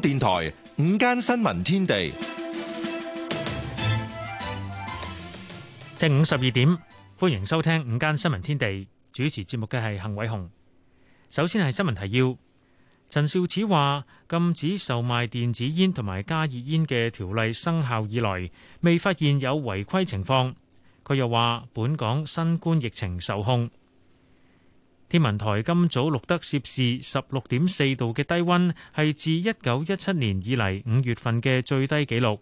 電台午間新聞天地，正午十二點，歡迎收聽午間新聞天地，主持節目嘅係幸偉雄。首先係新聞提要：陳肇始話禁止售賣電子煙同埋加熱煙嘅條例生效以來，未發現有違規情況。佢又話，本港新冠疫情受控。天文台今早錄得攝氏十六點四度嘅低溫，係自一九一七年以嚟五月份嘅最低紀錄。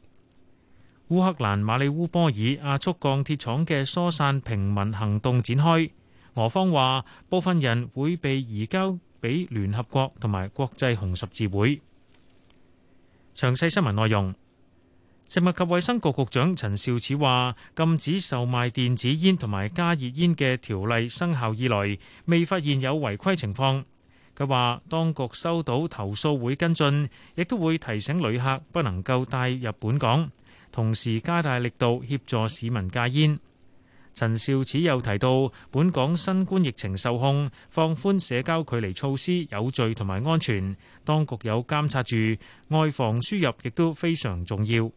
烏克蘭馬里烏波爾亞速鋼鐵廠嘅疏散平民行動展開，俄方話部分人會被移交俾聯合國同埋國際紅十字會。詳細新聞內容。食物及衛生局局長陳肇始話：禁止售賣電子煙同埋加熱煙嘅條例生效以來，未發現有違規情況。佢話，當局收到投訴會跟進，亦都會提醒旅客不能夠帶入本港，同時加大力度協助市民戒煙。陳肇始又提到，本港新冠疫情受控，放寬社交距離措施有序同埋安全，當局有監察住外防輸入，亦都非常重要。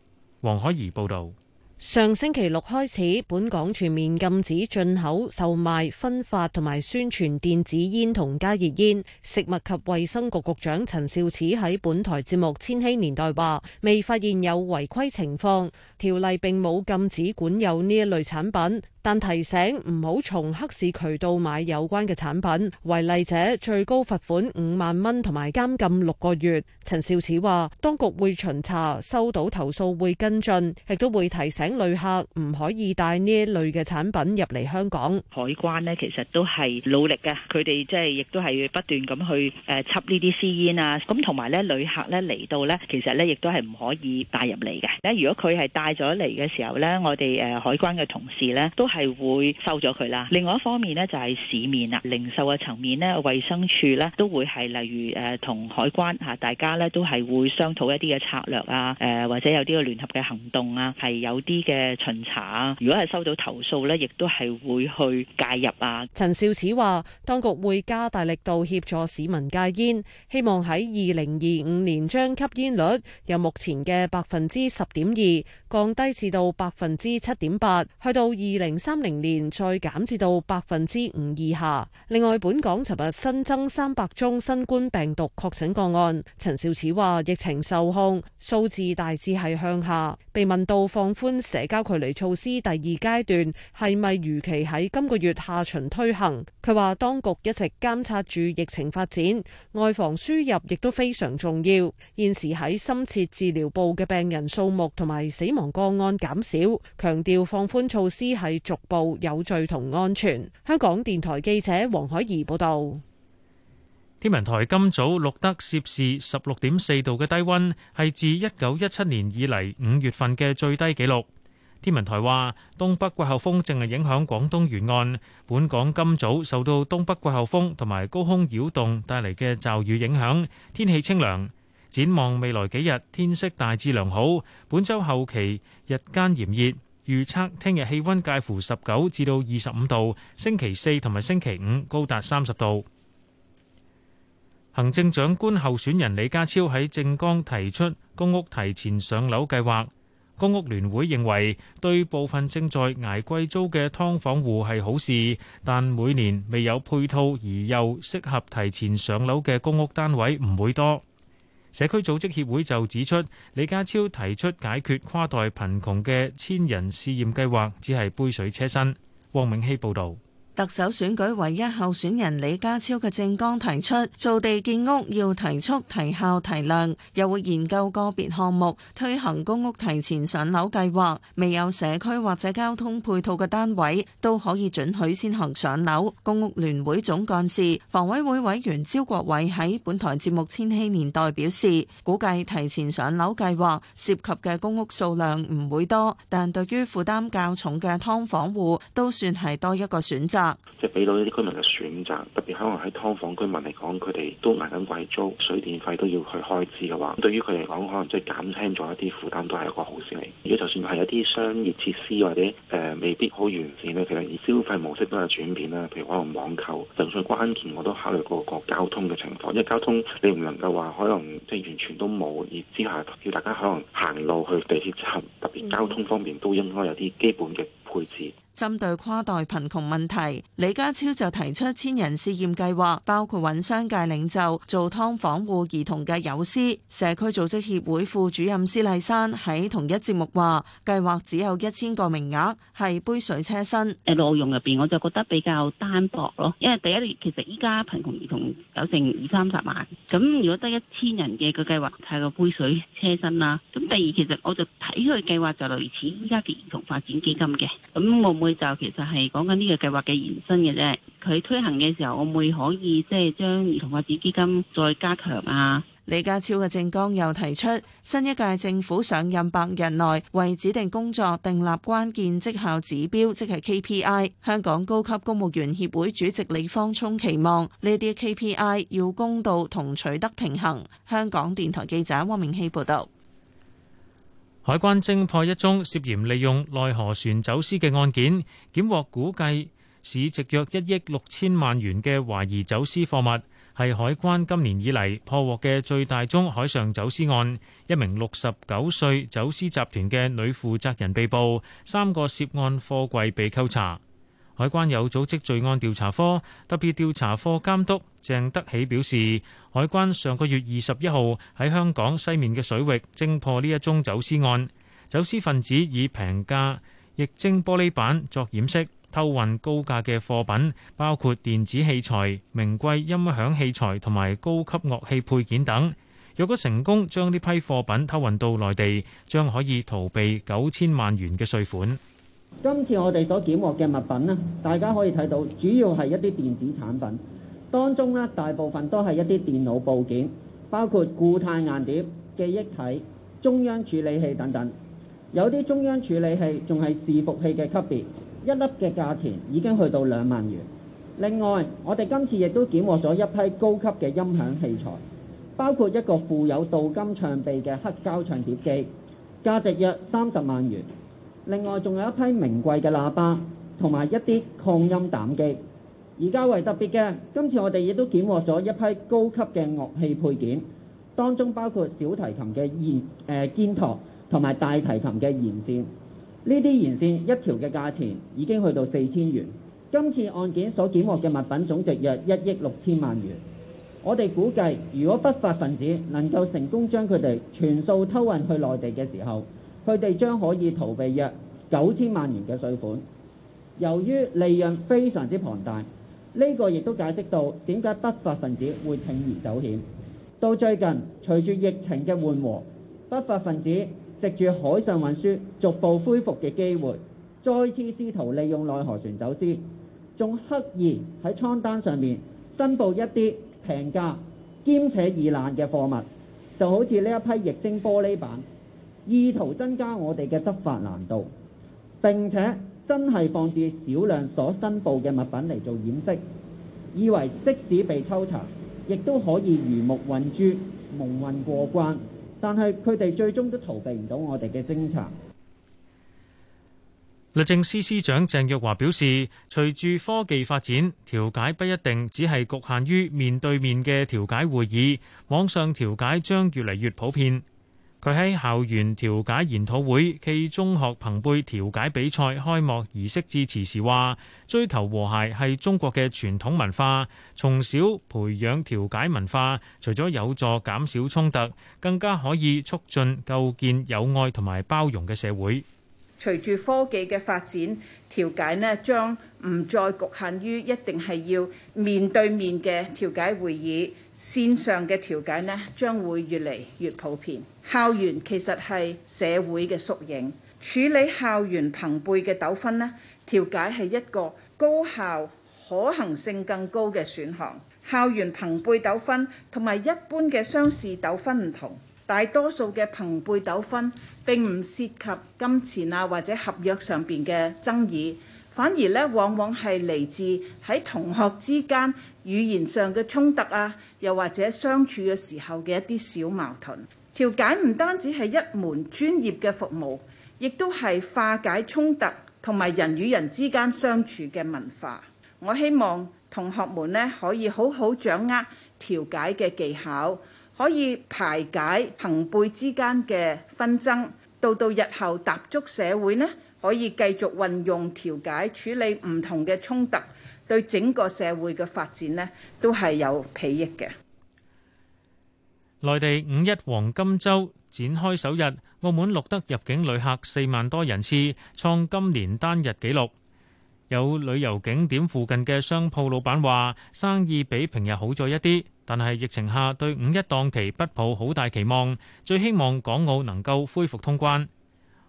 黃海怡報道：上星期六開始，本港全面禁止進口、售賣、分發同埋宣傳電子煙同加熱煙。食物及衛生局局長陳肇始喺本台節目《千禧年代》話，未發現有違規情況，條例並冇禁止管有呢一類產品。但提醒唔好從黑市渠道買有關嘅產品，違例者最高罰款五萬蚊同埋監禁六個月。陳肇始話當局會巡查，收到投訴會跟進，亦都會提醒旅客唔可以帶呢一類嘅產品入嚟香港。海關咧其實都係努力嘅，佢哋即係亦都係不斷咁去誒執呢啲私煙啊，咁同埋咧旅客咧嚟到咧，其實咧亦都係唔可以帶入嚟嘅。咧如果佢係帶咗嚟嘅時候咧，我哋誒海關嘅同事咧都係。係會收咗佢啦。另外一方面呢，就係市面啊，零售嘅層面呢，衛生署呢都會係例如誒同海關吓，大家呢都係會商討一啲嘅策略啊，誒或者有啲嘅聯合嘅行動啊，係有啲嘅巡查啊。如果係收到投訴呢，亦都係會去介入啊。陳肇始話，當局會加大力度協助市民戒煙，希望喺二零二五年將吸煙率由目前嘅百分之十點二降低至到百分之七點八，去到二零。三零年再減至到百分之五以下。另外，本港尋日新增三百宗新冠病毒確診個案。陳肇始話：疫情受控，數字大致係向下。被問到放寬社交距離措施第二階段係咪如期喺今個月下旬推行，佢話當局一直監察住疫情發展，外防輸入亦都非常重要。現時喺深切治療部嘅病人數目同埋死亡個案減少，強調放寬措施係逐步有序同安全。香港電台記者黃海怡報道。天文台今早錄得攝氏十六點四度嘅低温，係自一九一七年以嚟五月份嘅最低紀錄。天文台話，東北季候風正係影響廣東沿岸，本港今早受到東北季候風同埋高空擾動帶嚟嘅驟雨影響，天氣清涼。展望未來幾日，天色大致良好。本周後期日間炎熱，預測聽日氣温介乎十九至到二十五度，星期四同埋星期五高達三十度。行政長官候選人李家超喺政綱提出公屋提前上樓計劃，公屋聯會認為對部分正在挨貴租嘅劏房戶係好事，但每年未有配套而又適合提前上樓嘅公屋單位唔會多。社區組織協會就指出，李家超提出解決跨代貧窮嘅千人試驗計劃，只係杯水車薪。汪永熙報導。特首選舉唯一候選人李家超嘅政綱提出，造地建屋要提速、提效、提量，又會研究個別項目推行公屋提前上樓計劃。未有社區或者交通配套嘅單位，都可以准許先行上樓。公屋聯會總幹事、房委會委員招國偉喺本台節目《千禧年代》表示，估計提前上樓計劃涉及嘅公屋數量唔會多，但對於負擔較重嘅劏房戶，都算係多一個選擇。即係俾到一啲居民嘅選擇，特別可能喺劏房居民嚟講，佢哋都挨緊貴租、水電費都要去開支嘅話，對於佢嚟講，可能即係減輕咗一啲負擔，都係一個好事嚟。如果就算係一啲商業設施或者誒未必好完善咧，其實而消費模式都有轉變啦，譬如可能網購。就算關鍵，我都考慮過個交通嘅情況，因為交通你唔能夠話可能即係完全都冇，而之下要大家可能行路去地鐵站，特別交通方面都應該有啲基本嘅配置。針對跨代貧窮問題，李家超就提出千人試驗計劃，包括搵商界領袖做劏房戶兒童嘅友師。社區組織協會副主任施麗珊喺同一節目話：計劃只有一千個名額，係杯水車薪。誒，內容入邊我就覺得比較單薄咯，因為第一，其實依家貧窮兒童有成二三十萬，咁如果得一千人嘅個計劃，太過杯水車薪啦。咁第二，其實我就睇佢計劃就類似依家嘅兒童發展基金嘅，咁我冇。佢就其實係講緊呢個計劃嘅延伸嘅啫，佢推行嘅時候，我咪可以即係將兒童發展基金再加強啊。李家超嘅政綱又提出，新一屆政府上任百日內，為指定工作訂立關鍵績效指標，即係 KPI。香港高級公務員協會主席李方聰期望呢啲 KPI 要公道同取得平衡。香港電台記者汪明熙報道。海關偵破一宗涉嫌利用內河船走私嘅案件，檢獲估計市值約一億六千萬元嘅懷疑走私貨物，係海關今年以嚟破獲嘅最大宗海上走私案。一名六十九歲走私集團嘅女負責人被捕，三個涉案貨櫃被扣查。海關有組織罪案調查科特別調查科監督鄭德喜表示，海關上個月二十一號喺香港西面嘅水域偵破呢一宗走私案，走私分子以平價液晶玻璃板作掩飾，偷運高價嘅貨品，包括電子器材、名貴音響器材同埋高級樂器配件等。若果成功將呢批貨品偷運到內地，將可以逃避九千萬元嘅稅款。今次我哋所檢獲嘅物品咧，大家可以睇到，主要係一啲電子產品，當中咧大部分都係一啲電腦部件，包括固態硬碟、記憶體、中央處理器等等。有啲中央處理器仲係伺服器嘅級別，一粒嘅價錢已經去到兩萬元。另外，我哋今次亦都檢獲咗一批高級嘅音響器材，包括一個富有鍍金唱臂嘅黑膠唱碟機，價值約三十萬元。另外，仲有一批名貴嘅喇叭同埋一啲擴音膽機。而較為特別嘅，今次我哋亦都檢獲咗一批高級嘅樂器配件，當中包括小提琴嘅弦、誒肩托同埋大提琴嘅弦線。呢啲弦線一條嘅價錢已經去到四千元。今次案件所檢獲嘅物品總值約一億六千萬元。我哋估計，如果不法分子能夠成功將佢哋全數偷運去內地嘅時候，佢哋將可以逃避約九千萬元嘅稅款。由於利潤非常之龐大，呢、這個亦都解釋到點解不法分子會鋌而走險。到最近，隨住疫情嘅緩和，不法分子藉住海上運輸逐步恢復嘅機會，再次試圖利用內河船走私，仲刻意喺倉單上面申報一啲平價兼且易爛嘅貨物，就好似呢一批液晶玻璃板。意圖增加我哋嘅執法難度，並且真係放置少量所申報嘅物品嚟做掩飾，以為即使被抽查，亦都可以魚目混珠、蒙混過關。但係佢哋最終都逃避唔到我哋嘅偵查。律政司司長鄭若驊表示，隨住科技發展，調解不一定只係局限於面對面嘅調解會議，網上調解將越嚟越普遍。佢喺校園調解研討會暨中學朋輩調解比賽開幕儀式致辭時話：追求和諧係中國嘅傳統文化，從小培養調解文化，除咗有助減少衝突，更加可以促進構建友愛同埋包容嘅社會。隨住科技嘅發展，調解呢將唔再局限於一定係要面對面嘅調解會議，線上嘅調解呢將會越嚟越普遍。校園其實係社會嘅縮影，處理校園朋輩嘅糾紛呢，調解係一個高效、可行性更高嘅選項。校園朋輩糾紛同埋一般嘅商事糾紛唔同。大多數嘅朋輩糾紛並唔涉及金錢啊，或者合約上面嘅爭議，反而呢往往係嚟自喺同學之間語言上嘅衝突啊，又或者相處嘅時候嘅一啲小矛盾。調解唔單止係一門專業嘅服務，亦都係化解衝突同埋人與人之間相處嘅文化。我希望同學們呢可以好好掌握調解嘅技巧。可以排解朋輩之間嘅紛爭，到到日後踏足社會呢，可以繼續運用調解處理唔同嘅衝突，對整個社會嘅發展呢，都係有裨益嘅。內地五一黃金週展開首日，澳門錄得入境旅客四萬多人次，創今年單日紀錄。有旅遊景點附近嘅商鋪老闆話：生意比平日好咗一啲。但係疫情下對五一檔期不抱好大期望，最希望港澳能夠恢復通關。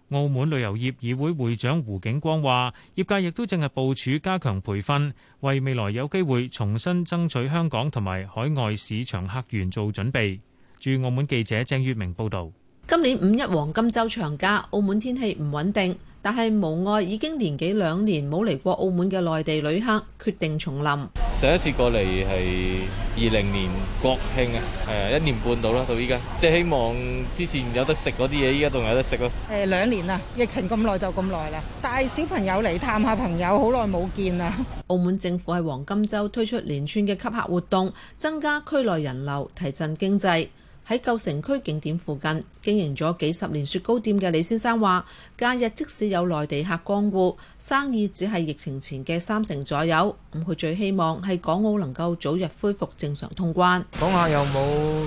澳門旅遊業議會會長胡景光話：業界亦都正係部署加強培訓，為未來有機會重新爭取香港同埋海外市場客源做準備。駐澳門記者鄭月明報導。今年五一黃金週長假，澳門天氣唔穩定。但係無礙已經年幾兩年冇嚟過澳門嘅內地旅客決定重臨。上一次過嚟係二零年國慶啊，係啊，一年半到啦，到依家即係希望之前有得食嗰啲嘢，依家仲有得食咯。誒兩年啦，疫情咁耐就咁耐啦。帶小朋友嚟探下朋友，好耐冇見啦。澳門政府喺黃金週推出連串嘅吸客活動，增加區內人流，提振經濟。喺舊城區景點附近經營咗幾十年雪糕店嘅李先生話，假日即使有內地客光顧，生意只係疫情前嘅三成左右。噉佢最希望係港澳能夠早日恢復正常通關。講下又冇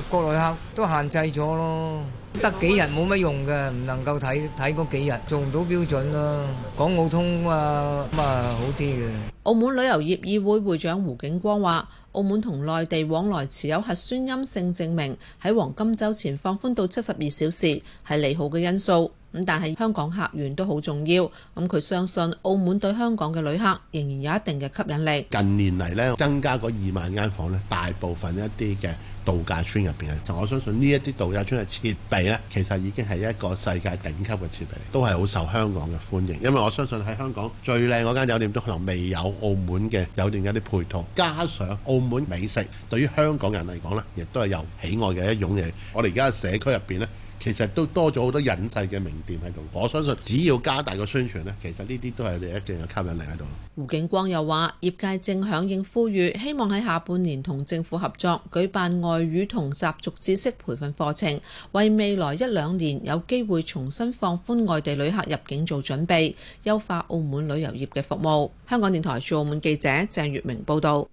國內客都限制咗咯。得幾日冇乜用嘅，唔能夠睇睇嗰幾日做唔到標準啦，啊。港澳通啊，咁啊好啲嘅。澳門旅遊業議會會、會長胡景光話，澳門同內地往來持有核酸陰性證明喺黃金週前放寬到七十二小時，係利好嘅因素。咁但係香港客源都好重要，咁佢相信澳門對香港嘅旅客仍然有一定嘅吸引力。近年嚟呢，增加個二萬間房咧，大部分一啲嘅度假村入邊啊，我相信呢一啲度假村嘅設備呢，其實已經係一個世界頂級嘅設備，都係好受香港嘅歡迎。因為我相信喺香港最靚嗰間酒店都可能未有澳門嘅酒店嘅一啲配套，加上澳門美食對於香港人嚟講呢，亦都係有喜愛嘅一種嘢。我哋而家社區入邊呢。其實都多咗好多隱世嘅名店喺度，我相信只要加大個宣傳呢，其實呢啲都係有一定嘅吸引力喺度。胡景光又話：業界正響應呼籲，希望喺下半年同政府合作舉辦外語同習俗知識培訓課程，為未來一兩年有機會重新放寬外地旅客入境做準備，優化澳門旅遊業嘅服務。香港電台駐澳門記者鄭月明報導。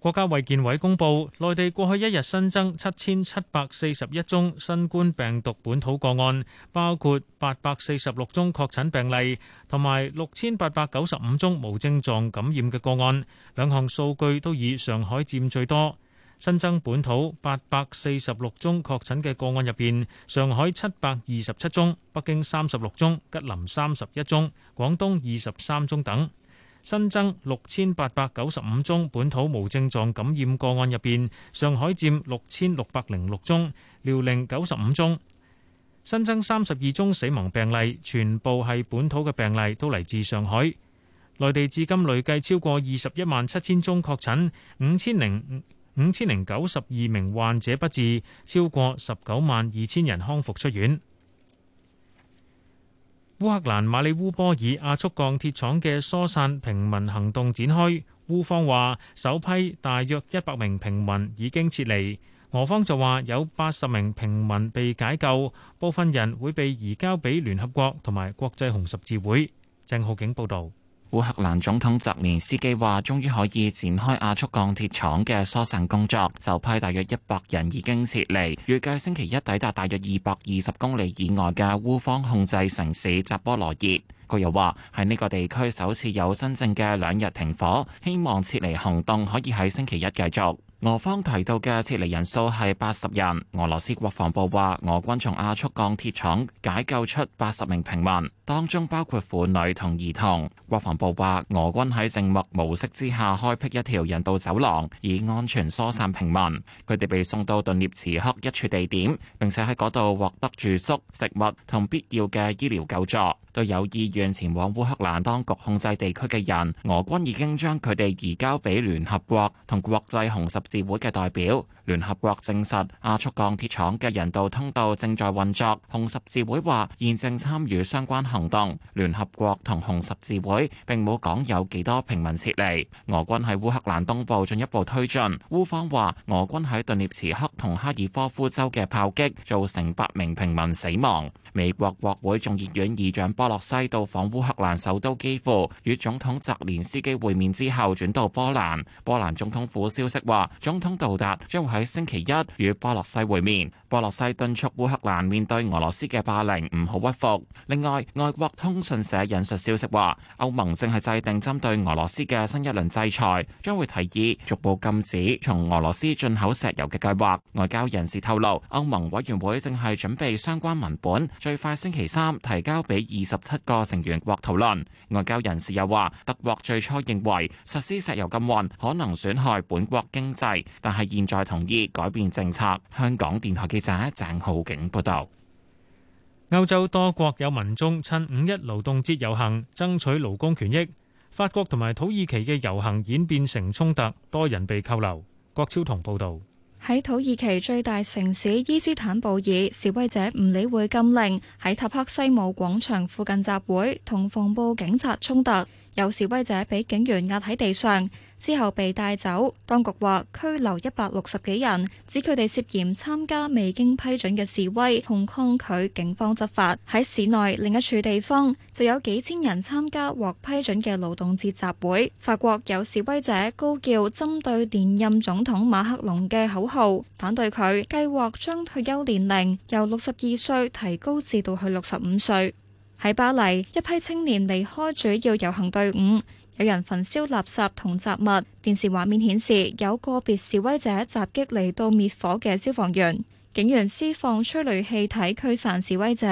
國家衛健委公布，內地過去一日新增七千七百四十一宗新冠病毒本土個案，包括八百四十六宗確診病例，同埋六千八百九十五宗無症狀感染嘅個案。兩項數據都以上海佔最多。新增本土八百四十六宗確診嘅個案入面，上海七百二十七宗，北京三十六宗，吉林三十一宗，廣東二十三宗等。新增六千八百九十五宗本土無症狀感染個案入面，上海佔六千六百零六宗，遼寧九十五宗。新增三十二宗死亡病例，全部係本土嘅病例，都嚟自上海。內地至今累計超過二十一萬七千宗確診，五千零五千零九十二名患者不治，超過十九萬二千人康復出院。烏克蘭馬里烏波爾亞速鋼鐵廠嘅疏散平民行動展開，烏方話首批大約一百名平民已經撤離，俄方就話有八十名平民被解救，部分人會被移交俾聯合國同埋國際紅十字會。鄭浩景報道。烏克蘭總統澤連斯基話：終於可以展開亞速鋼鐵廠嘅疏散工作，首批大約一百人已經撤離，預計星期一抵達大約二百二十公里以外嘅烏方控制城市扎波羅熱。佢又話：喺呢個地區首次有真正嘅兩日停火，希望撤離行動可以喺星期一繼續。俄方提到嘅撤離人數係八十人。俄羅斯國防部話，俄軍從亞速鋼鐵廠解救出八十名平民，當中包括婦女同兒童。國防部話，俄軍喺靜默模式之下開辟一條人道走廊，以安全疏散平民。佢哋被送到頓涅茨克一處地點，並且喺嗰度獲得住宿、食物同必要嘅醫療救助。對有意願前往烏克蘭當局控制地區嘅人，俄軍已經將佢哋移交俾聯合國同國際紅十字字會嘅代表。聯合國證實亞速鋼鐵廠嘅人道通道正在運作，紅十字會話現正參與相關行動。聯合國同紅十字會並冇講有幾多平民撤離。俄軍喺烏克蘭東部進一步推進，烏方話俄軍喺頓涅茨克同哈爾科夫州嘅炮擊造成八名平民死亡。美國國會眾議院議長波洛西到訪烏克蘭首都基輔，與總統澤連斯基會面之後轉到波蘭。波蘭總統府消息話總統杜達將喺星期一與波洛西會面，波洛西敦促烏克蘭面對俄羅斯嘅霸凌，唔好屈服。另外，外國通訊社引述消息話，歐盟正係制定針對俄羅斯嘅新一輪制裁，將會提議逐步禁止從俄羅斯進口石油嘅計劃。外交人士透露，歐盟委員會正係準備相關文本，最快星期三提交俾二十七個成員國討論。外交人士又話，德國最初認為實施石油禁運可能損害本國經濟，但係現在同同意改變政策。香港電台記者鄭浩景報道，歐洲多國有民眾趁五一勞動節遊行，爭取勞工權益。法國同埋土耳其嘅遊行演變成衝突，多人被扣留。郭超同報道，喺土耳其最大城市伊斯坦布爾，示威者唔理會禁令，喺塔克西姆廣場附近集會，同防暴警察衝突。有示威者被警員壓喺地上，之後被帶走。當局話拘留一百六十幾人，指佢哋涉嫌參加未經批准嘅示威，控抗拒警方執法。喺市內另一處地方就有幾千人參加獲批准嘅勞動節集會。法國有示威者高叫針對連任總統馬克龍嘅口號，反對佢計劃將退休年齡由六十二歲提高至到去六十五歲。喺巴黎，一批青年離開主要遊行隊伍，有人焚燒垃圾同雜物。電視畫面顯示有個別示威者襲擊嚟到滅火嘅消防員，警員施放催淚氣體驅散示威者。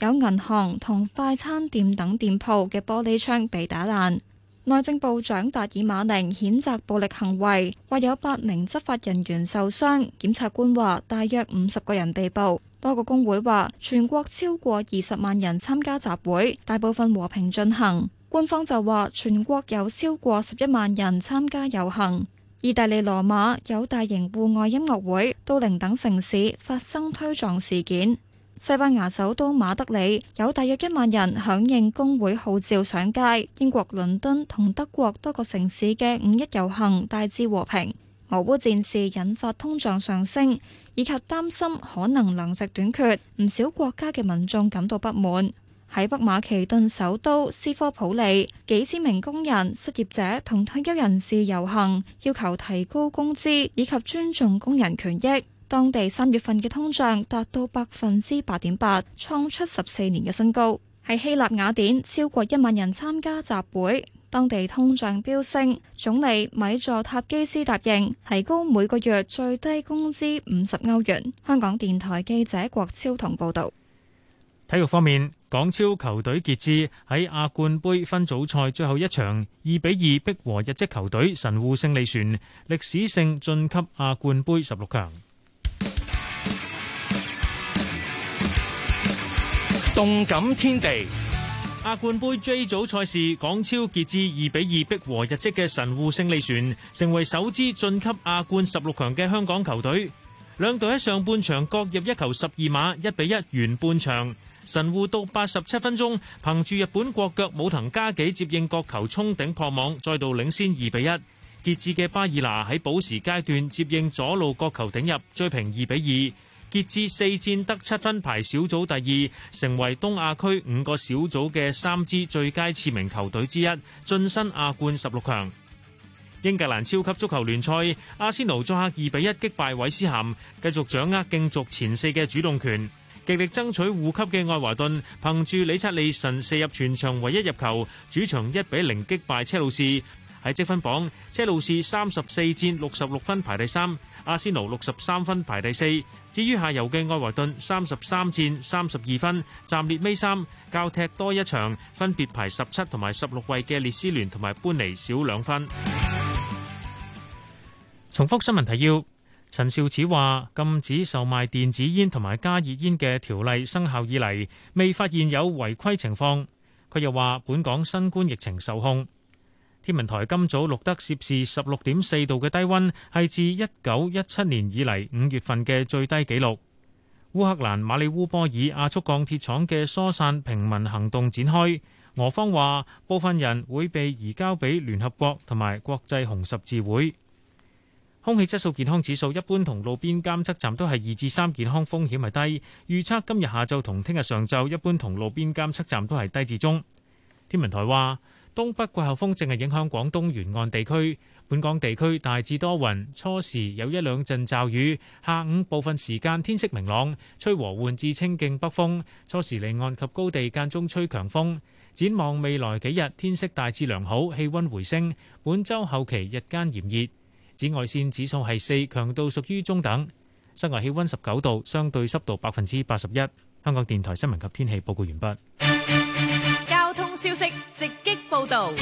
有銀行同快餐店等店鋪嘅玻璃窗被打爛。內政部長達爾馬寧譴責暴力行為，話有八名執法人員受傷。檢察官話大約五十個人被捕。多個工會話全國超過二十萬人參加集會，大部分和平進行。官方就話全國有超過十一萬人參加遊行。意大利羅馬有大型戶外音樂會，都靈等城市發生推撞事件。西班牙首都馬德里有大約一萬人響應工會號召上街。英國倫敦同德國多個城市嘅五一遊行大致和平。俄烏戰事引發通脹上升，以及擔心可能糧食短缺，唔少國家嘅民眾感到不滿。喺北馬其頓首都斯科普里，幾千名工人、失業者同退休人士遊行，要求提高工資以及尊重工人權益。當地三月份嘅通脹達到百分之八點八，創出十四年嘅新高。喺希臘雅典，超過一萬人參加集會。當地通脹飆升，總理米佐塔基斯答應提高每個月最低工資五十歐元。香港電台記者郭超同報道。體育方面，港超球隊傑志喺亞冠杯分組賽最後一場二比二逼和日職球隊神戶勝利船，歷史性晉級亞冠杯十六強。動感天地亞冠盃 J 組賽事，港超傑志二比二逼和日職嘅神戶勝利船，成為首支晉級亞冠十六強嘅香港球隊。兩隊喺上半場各入一球，十二碼一比一完半場。神戶到八十七分鐘，憑住日本國腳武藤嘉紀接應角球衝頂破網，再度領先二比一。傑志嘅巴爾拿喺補時階段接應左路角球頂入，追平二比二。截至四戰得七分，排小組第二，成為東亞區五個小組嘅三支最佳次名球隊之一，晉身亞冠十六強。英格蘭超級足球聯賽，阿仙奴作客二比一擊敗韋斯咸，繼續掌握競逐前四嘅主動權，極力爭取護級嘅愛華頓，憑住理查利臣射入全場唯一入球，主場一比零擊敗車路士。喺積分榜，車路士三十四戰六十六分排第三，阿仙奴六十三分排第四。至於下游嘅愛華頓三十三戰三十二分，暫列尾三，較踢多一場，分別排十七同埋十六位嘅列斯聯同埋般尼少兩分。重複新聞提要：陳肇始話禁止售賣電子煙同埋加熱煙嘅條例生效以嚟，未發現有違規情況。佢又話本港新冠疫情受控。天文台今早錄得攝氏十六點四度嘅低温，係自一九一七年以嚟五月份嘅最低紀錄。烏克蘭馬里烏波爾亞速鋼鐵廠嘅疏散平民行動展開，俄方話部分人會被移交俾聯合國同埋國際紅十字會。空氣質素健康指數一般同路邊監測站都係二至三，健康風險係低。預測今日下晝同聽日上晝一般同路邊監測站都係低至中。天文台話。東北季候風正影響廣東沿岸地區，本港地區大致多雲，初時有一兩陣驟雨，下午部分時間天色明朗，吹和緩至清勁北風，初時離岸及高地間中吹強風。展望未來幾日天色大致良好，氣温回升，本週後期日間炎熱，紫外線指數係四，強度屬於中等，室外氣温十九度，相對濕度百分之八十一。香港電台新聞及天氣報告完畢。消息直擊報道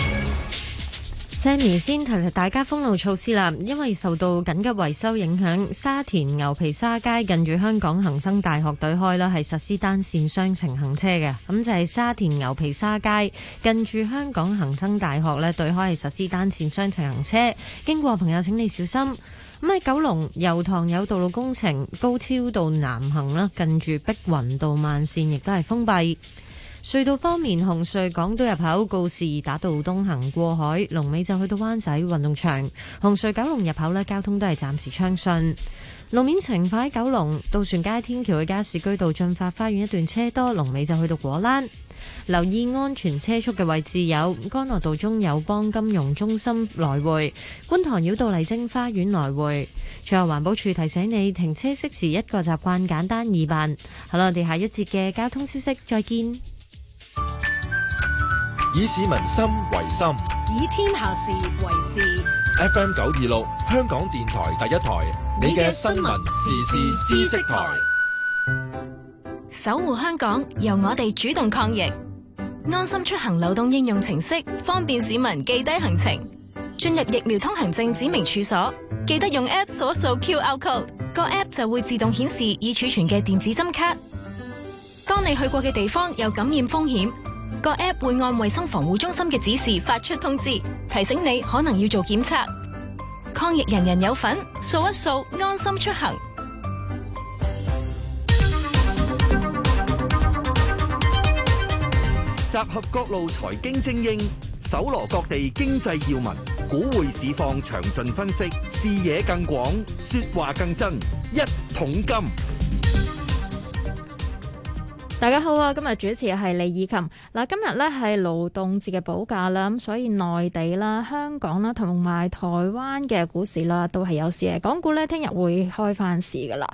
，Sammy 先提提大家封路措施啦。因為受到緊急維修影響，沙田牛皮沙街近住香港恒生大學對開啦，係實施單線雙程行車嘅。咁就係沙田牛皮沙街近住香港恒生大學咧，對開係實施單線雙程行車。經過朋友，請你小心。咁喺九龍油塘有道路工程，高超道南行啦，近住碧雲道慢綫亦都係封閉。隧道方面，紅隧港島入口告士打道東行過海，龍尾就去到灣仔運動場。紅隧九龍入口咧，交通都係暫時暢順。路面情況，九龍渡船街天橋去加士居道、駿發花園一段車多，龍尾就去到果欄。留意安全車速嘅位置有干諾道中友邦金融中心來回、觀塘繞道麗晶花園來回。最後，環保署提醒你停車熄匙，一個習慣，簡單易辦。好啦，我哋下一節嘅交通消息再見。以市民心為心，以天下事為事。FM 九二六，香港電台第一台，你嘅新聞時事是知識台。守護香港，由我哋主動抗疫。安心出行，流動應用程式方便市民記低行程，進入疫苗通行證指明處所，記得用 App 掃一掃 QR code，個 App 就會自動顯示已儲存嘅電子針卡。當你去過嘅地方有感染風險，各 App 會按衛生防護中心嘅指示發出通知，提醒你可能要做檢測。抗疫人人有份，掃一掃安心出行。集合各路財經精英，搜羅各地經濟要聞，股匯市況詳盡分析，視野更廣，說話更真，一桶金。大家好啊！今日主持係李以琴嗱。今日呢係勞動節嘅補假啦，咁所以內地啦、香港啦同埋台灣嘅股市啦都係冇市嘅。港股呢聽日會開翻市噶啦。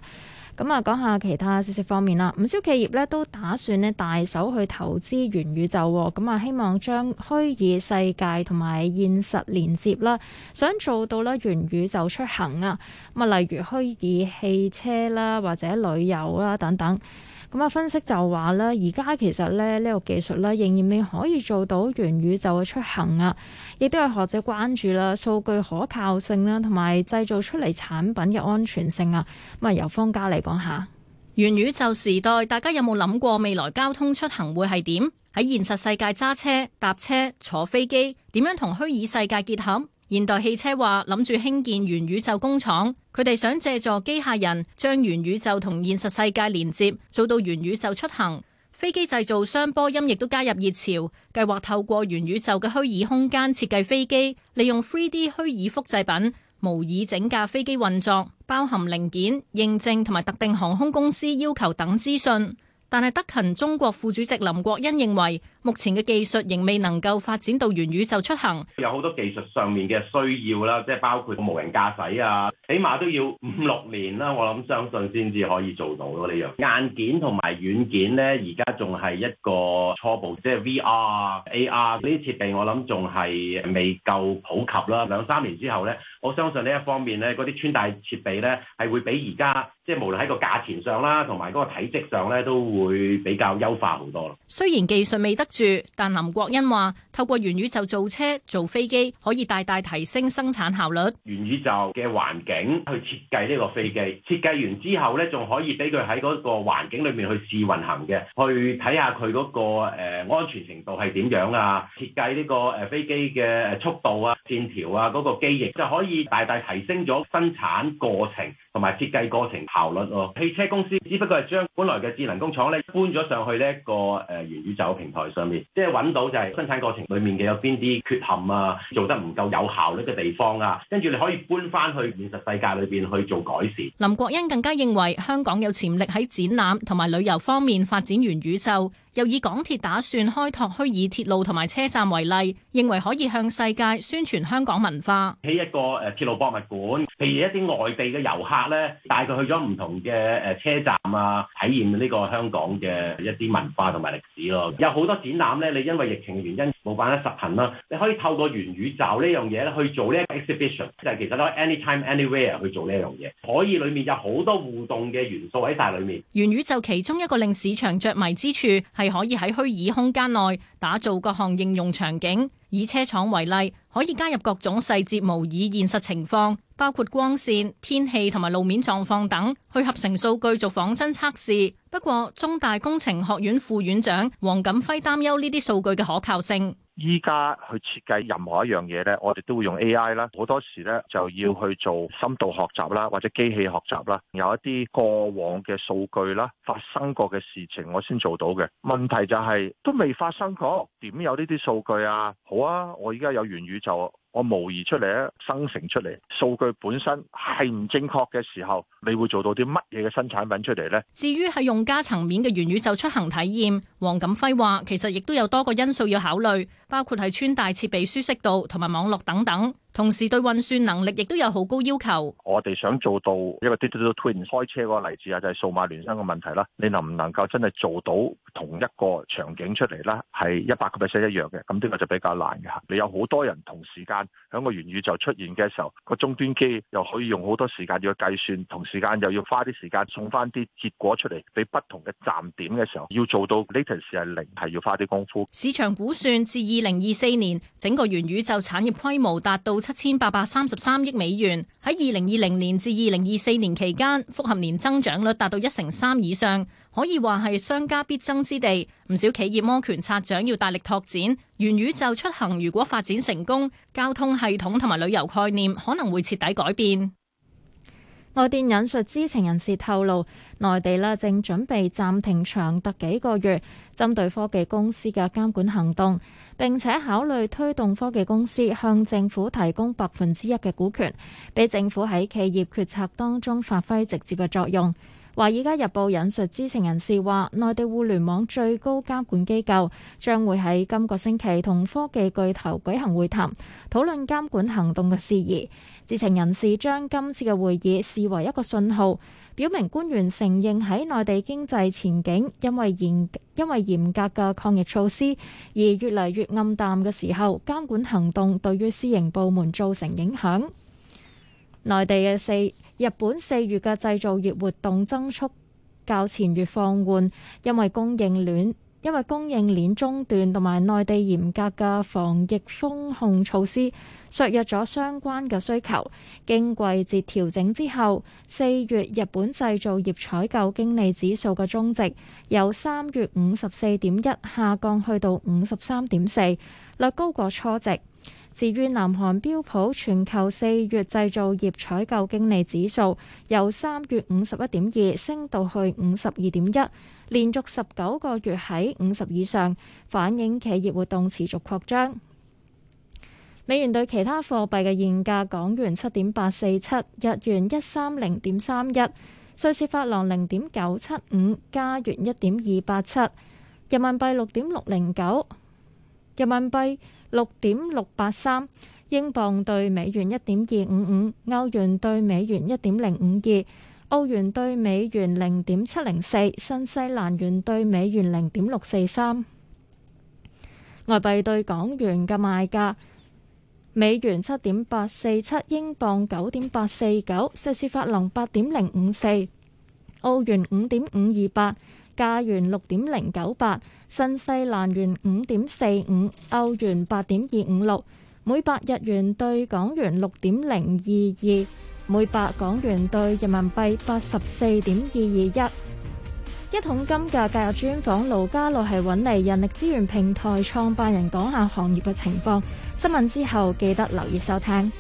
咁啊，講下其他消息方面啦，唔少企業呢都打算呢大手去投資元宇宙，咁啊希望將虛擬世界同埋現實連接啦，想做到啦元宇宙出行啊，咁啊，例如虛擬汽車啦，或者旅遊啦等等。咁啊，分析就話咧，而家其實咧呢個技術咧仍然未可以做到元宇宙嘅出行啊，亦都係學者關注啦，數據可靠性啦，同埋製造出嚟產品嘅安全性啊。咁啊，由方家嚟講下元宇宙時代，大家有冇諗過未來交通出行會係點？喺現實世界揸車、搭車、坐飛機，點樣同虛擬世界結合？現代汽車話諗住興建元宇宙工廠，佢哋想借助機械人將元宇宙同現實世界連接，做到元宇宙出行。飛機製造商波音亦都加入熱潮，計劃透過元宇宙嘅虛擬空間設計飛機，利用 3D 虛擬複製品模擬整架飛機運作，包含零件、認證同埋特定航空公司要求等資訊。但係德勤中國副主席林國恩認為。目前嘅技術仍未能夠發展到元宇宙出行，有好多技術上面嘅需要啦，即係包括個無人駕駛啊，起碼都要五六年啦，我諗相信先至可以做到咯。呢樣硬件同埋軟件咧，而家仲係一個初步，即係 VR、AR 呢啲設備，我諗仲係未夠普及啦。兩三年之後咧，我相信呢一方面咧，嗰啲穿戴設備咧，係會比而家即係無論喺個價錢上啦，同埋嗰個體積上咧，都會比較優化好多咯。雖然技術未得住，但林國恩話，透過元宇宙造車、造飛機，可以大大提升生產效率。元宇宙嘅環境去設計呢個飛機，設計完之後呢，仲可以俾佢喺嗰個環境裏面去試運行嘅，去睇下佢嗰、那個誒、呃、安全程度係點樣設計啊？設計呢個誒飛機嘅速度啊、線條啊、嗰個機翼，就可以大大提升咗生產過程。同埋設計過程效率咯，汽車公司只不過係將本來嘅智能工廠咧搬咗上去呢一個誒元宇宙平台上面，即係揾到就係生產過程裡面嘅有邊啲缺陷啊，做得唔夠有效率嘅地方啊，跟住你可以搬返去現實世界裏邊去做改善。林國恩更加認為香港有潛力喺展覽同埋旅遊方面發展元宇宙。又以港鐵打算開拓虛擬鐵路同埋車站為例，認為可以向世界宣傳香港文化。起一個誒鐵路博物館，譬如一啲外地嘅遊客咧，帶佢去咗唔同嘅誒車站啊，體驗呢個香港嘅一啲文化同埋歷史咯。有好多展覽咧，你因為疫情嘅原因。冇辦法實行啦，你可以透過元宇宙呢樣嘢咧去做呢一個 exhibition，就係其實都 anytime anywhere 去做呢一樣嘢，可以裏面有好多互動嘅元素喺大裏面。元宇宙其中一個令市場着迷之處係可以喺虛擬空間內。打造各項應用場景，以車廠為例，可以加入各種細節模擬現實情況，包括光線、天氣同埋路面狀況等，去合成數據做仿真測試。不過，中大工程學院副院長黃錦輝擔憂呢啲數據嘅可靠性。依家去設計任何一樣嘢呢，我哋都會用 A.I. 啦，好多時呢，就要去做深度學習啦，或者機器學習啦，有一啲過往嘅數據啦，發生過嘅事情我先做到嘅。問題就係、是、都未發生過，點有呢啲數據啊？好啊，我依家有元宇宙。我模擬出嚟咧，生成出嚟數據本身係唔正確嘅時候，你會做到啲乜嘢嘅新產品出嚟呢？至於係用家層面嘅元宇宙出行體驗，黃錦輝話其實亦都有多個因素要考慮，包括係穿戴設備舒適度同埋網絡等等。同時對運算能力亦都有好高要求。我哋想做到一個 digital twin 開車個例子啊，就係數碼孿生嘅問題啦。你能唔能夠真係做到同一個場景出嚟啦，係一百個 percent 一樣嘅？咁呢個就比較難嘅。你有好多人同時間響個元宇宙出現嘅時候，個終端機又可以用好多時間要計算，同時間又要花啲時間送翻啲結果出嚟俾不同嘅站點嘅時候，要做到呢件事係零，係要花啲功夫。市場估算至二零二四年，整個元宇宙產業規模達到。七千八百三十三億美元，喺二零二零年至二零二四年期間，複合年增長率達到一成三以上，可以話係商家必爭之地。唔少企業摩拳擦掌，要大力拓展元宇宙出行。如果發展成功，交通系統同埋旅游概念可能會徹底改變。外電引述知情人士透露，內地啦正準備暫停長達幾個月針對科技公司嘅監管行動，並且考慮推動科技公司向政府提供百分之一嘅股權，俾政府喺企業決策當中發揮直接嘅作用。《華爾街日報》引述知情人士話，內地互聯網最高監管機構將會喺今個星期同科技巨頭舉行會談，討論監管行動嘅事宜。知情人士將今次嘅會議視為一個信號，表明官員承認喺內地經濟前景因為嚴因為嚴格嘅抗疫措施而越嚟越暗淡嘅時候，監管行動對於私營部門造成影響。內地嘅四日本四月嘅製造業活動增速較前月放緩，因為供應鏈因為供應鏈中斷同埋內地嚴格嘅防疫封控措施，削弱咗相關嘅需求，經季節調整之後，四月日本製造業採購經理指數嘅中值由三月五十四點一下降去到五十三點四，略高過初值。至於南韓標普全球四月製造業採購經理指數由三月五十一點二升到去五十二點一，連續十九個月喺五十以上，反映企業活動持續擴張。美元兌其他貨幣嘅現價：港元七點八四七，日元一三零點三一，瑞士法郎零點九七五，加元一點二八七，人民幣六點六零九，人民幣六點六八三，英鎊對美元一點二五五，歐元對美元一點零五二，澳元對美元零點七零四，新西蘭元對美元零點六四三。外幣對港元嘅賣價。美元七點八四七，英鎊九點八四九，瑞士法郎八點零五四，澳元五點五二八，加元六點零九八，新西蘭元五點四五，歐元八點二五六，每百日元對港元六點零二二，每百港元對人民幣八十四點二二一。一桶金嘅介入專訪，盧家樂係揾嚟人力資源平台創辦人，講下行業嘅情況。新聞之後記得留意收聽。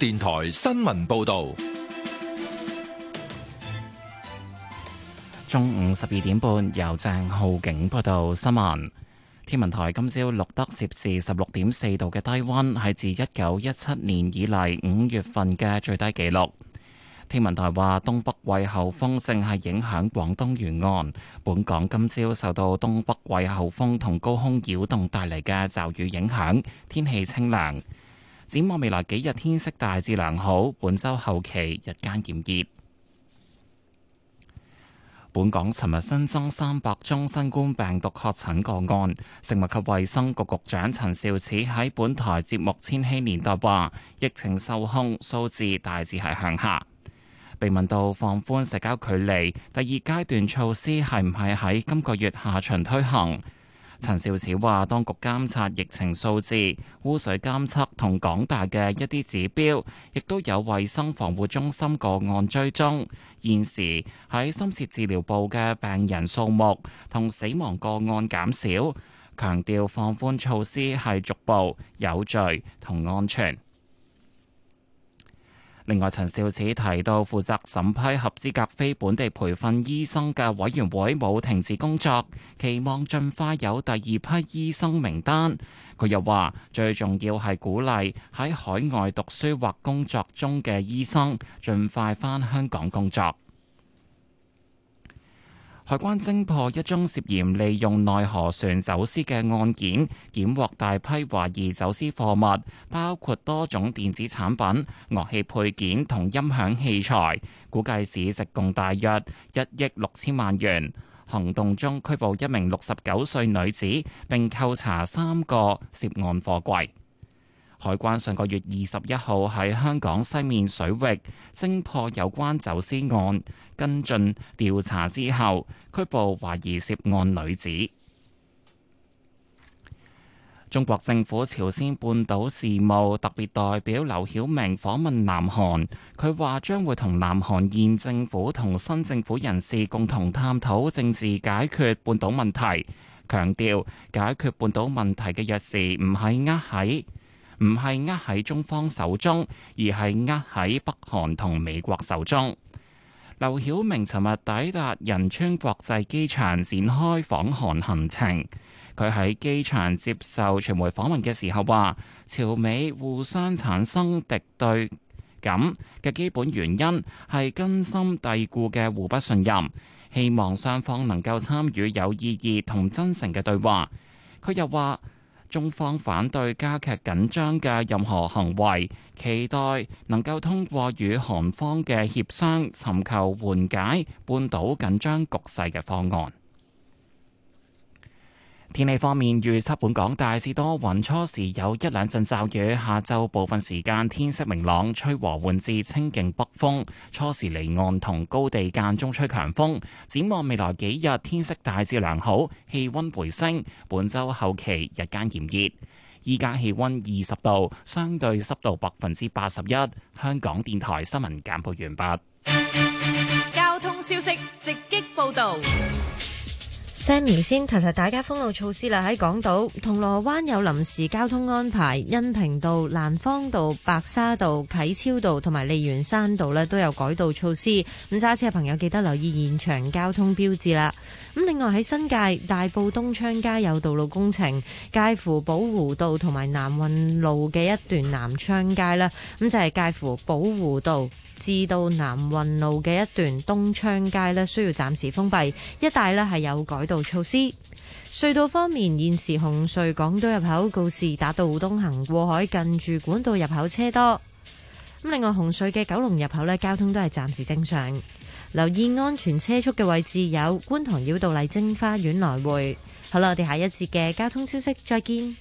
電台新聞報道。中午十二點半，由鄭浩景報道新聞。天文台今朝錄得攝氏十六點四度嘅低溫，係自一九一七年以嚟五月份嘅最低紀錄。天文台話，東北季候風正係影響廣東沿岸，本港今朝受到東北季候風同高空擾動帶嚟嘅驟雨影響，天氣清涼。展望未來幾日天色大致良好，本週後期日間炎熱。本港尋日新增三百宗新冠病毒確診個案，食物及衛生局局長陳肇始喺本台節目《千禧年代》話：疫情受控，數字大致係向下。被問到放寬社交距離第二階段措施係唔係喺今個月下旬推行？陳肇始話：當局監察疫情數字、污水監測同港大嘅一啲指標，亦都有衞生防護中心個案追蹤。現時喺深切治療部嘅病人數目同死亡個案減少，強調放寬措施係逐步有序同安全。另外，陳肇始提到負責審批合資格非本地培訓醫生嘅委員會冇停止工作，期望盡快有第二批醫生名單。佢又話，最重要係鼓勵喺海外讀書或工作中嘅醫生盡快返香港工作。海關偵破一宗涉嫌利用內河船走私嘅案件，檢獲大批懷疑走私貨物，包括多種電子產品、樂器配件同音響器材，估計市值共大約一億六千萬元。行動中拘捕一名六十九歲女子，並扣查三個涉案貨櫃。海關上個月二十一號喺香港西面水域偵破有關走私案，跟進調查之後拘捕懷疑涉案女子。中國政府朝鮮半島事務特別代表劉曉明訪問南韓，佢話將會同南韓現政府同新政府人士共同探討政治解決半島問題，強調解決半島問題嘅鑰匙唔係呃喺。唔係握喺中方手中，而係握喺北韓同美國手中。劉曉明尋日抵達仁川國際機場展開訪韓行程。佢喺機場接受傳媒訪問嘅時候話，朝美互相產生敵對感嘅基本原因係根深蒂固嘅互不信任。希望雙方能夠參與有意義同真誠嘅對話，佢又話，中方反對加劇緊張嘅任何行為，期待能夠通過與韓方嘅協商，尋求緩解半島緊張局勢嘅方案。天氣方面，預測本港大致多雲，初時有一兩陣驟雨，下晝部分時間天色明朗，吹和緩至清勁北風，初時離岸同高地間中吹強風。展望未來幾日，天色大致良好，氣溫回升，本周後期日間炎熱。依家氣溫二十度，相對濕度百分之八十一。香港電台新聞簡報完畢。交通消息直擊報道。Sammy 先，提提大家封路措施啦，喺港島銅鑼灣有臨時交通安排，恩平道、蘭芳道、白沙道、啟超道同埋利園山道咧都有改道措施。咁揸車嘅朋友記得留意現場交通標誌啦。咁另外喺新界大埔東昌街有道路工程，介乎寶湖道同埋南運路嘅一段南昌街啦，咁就係介乎寶湖道。至到南運路嘅一段東昌街咧，需要暫時封閉，一帶咧係有改道措施。隧道方面，現時紅隧港島入口告士打道東行過海，近住管道入口車多。咁另外紅隧嘅九龍入口咧，交通都係暫時正常。留意安全車速嘅位置有觀塘繞道麗晶花園來回。好啦，我哋下一節嘅交通消息，再見。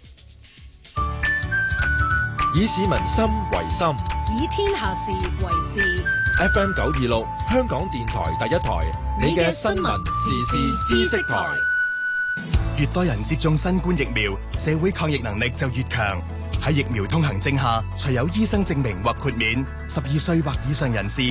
以市民心為心，以天下事為事。FM 九二六，香港電台第一台，你嘅新聞時事知識台。越多人接種新冠疫苗，社會抗疫能力就越強。喺疫苗通行證下，除有醫生證明或豁免，十二歲或以上人士。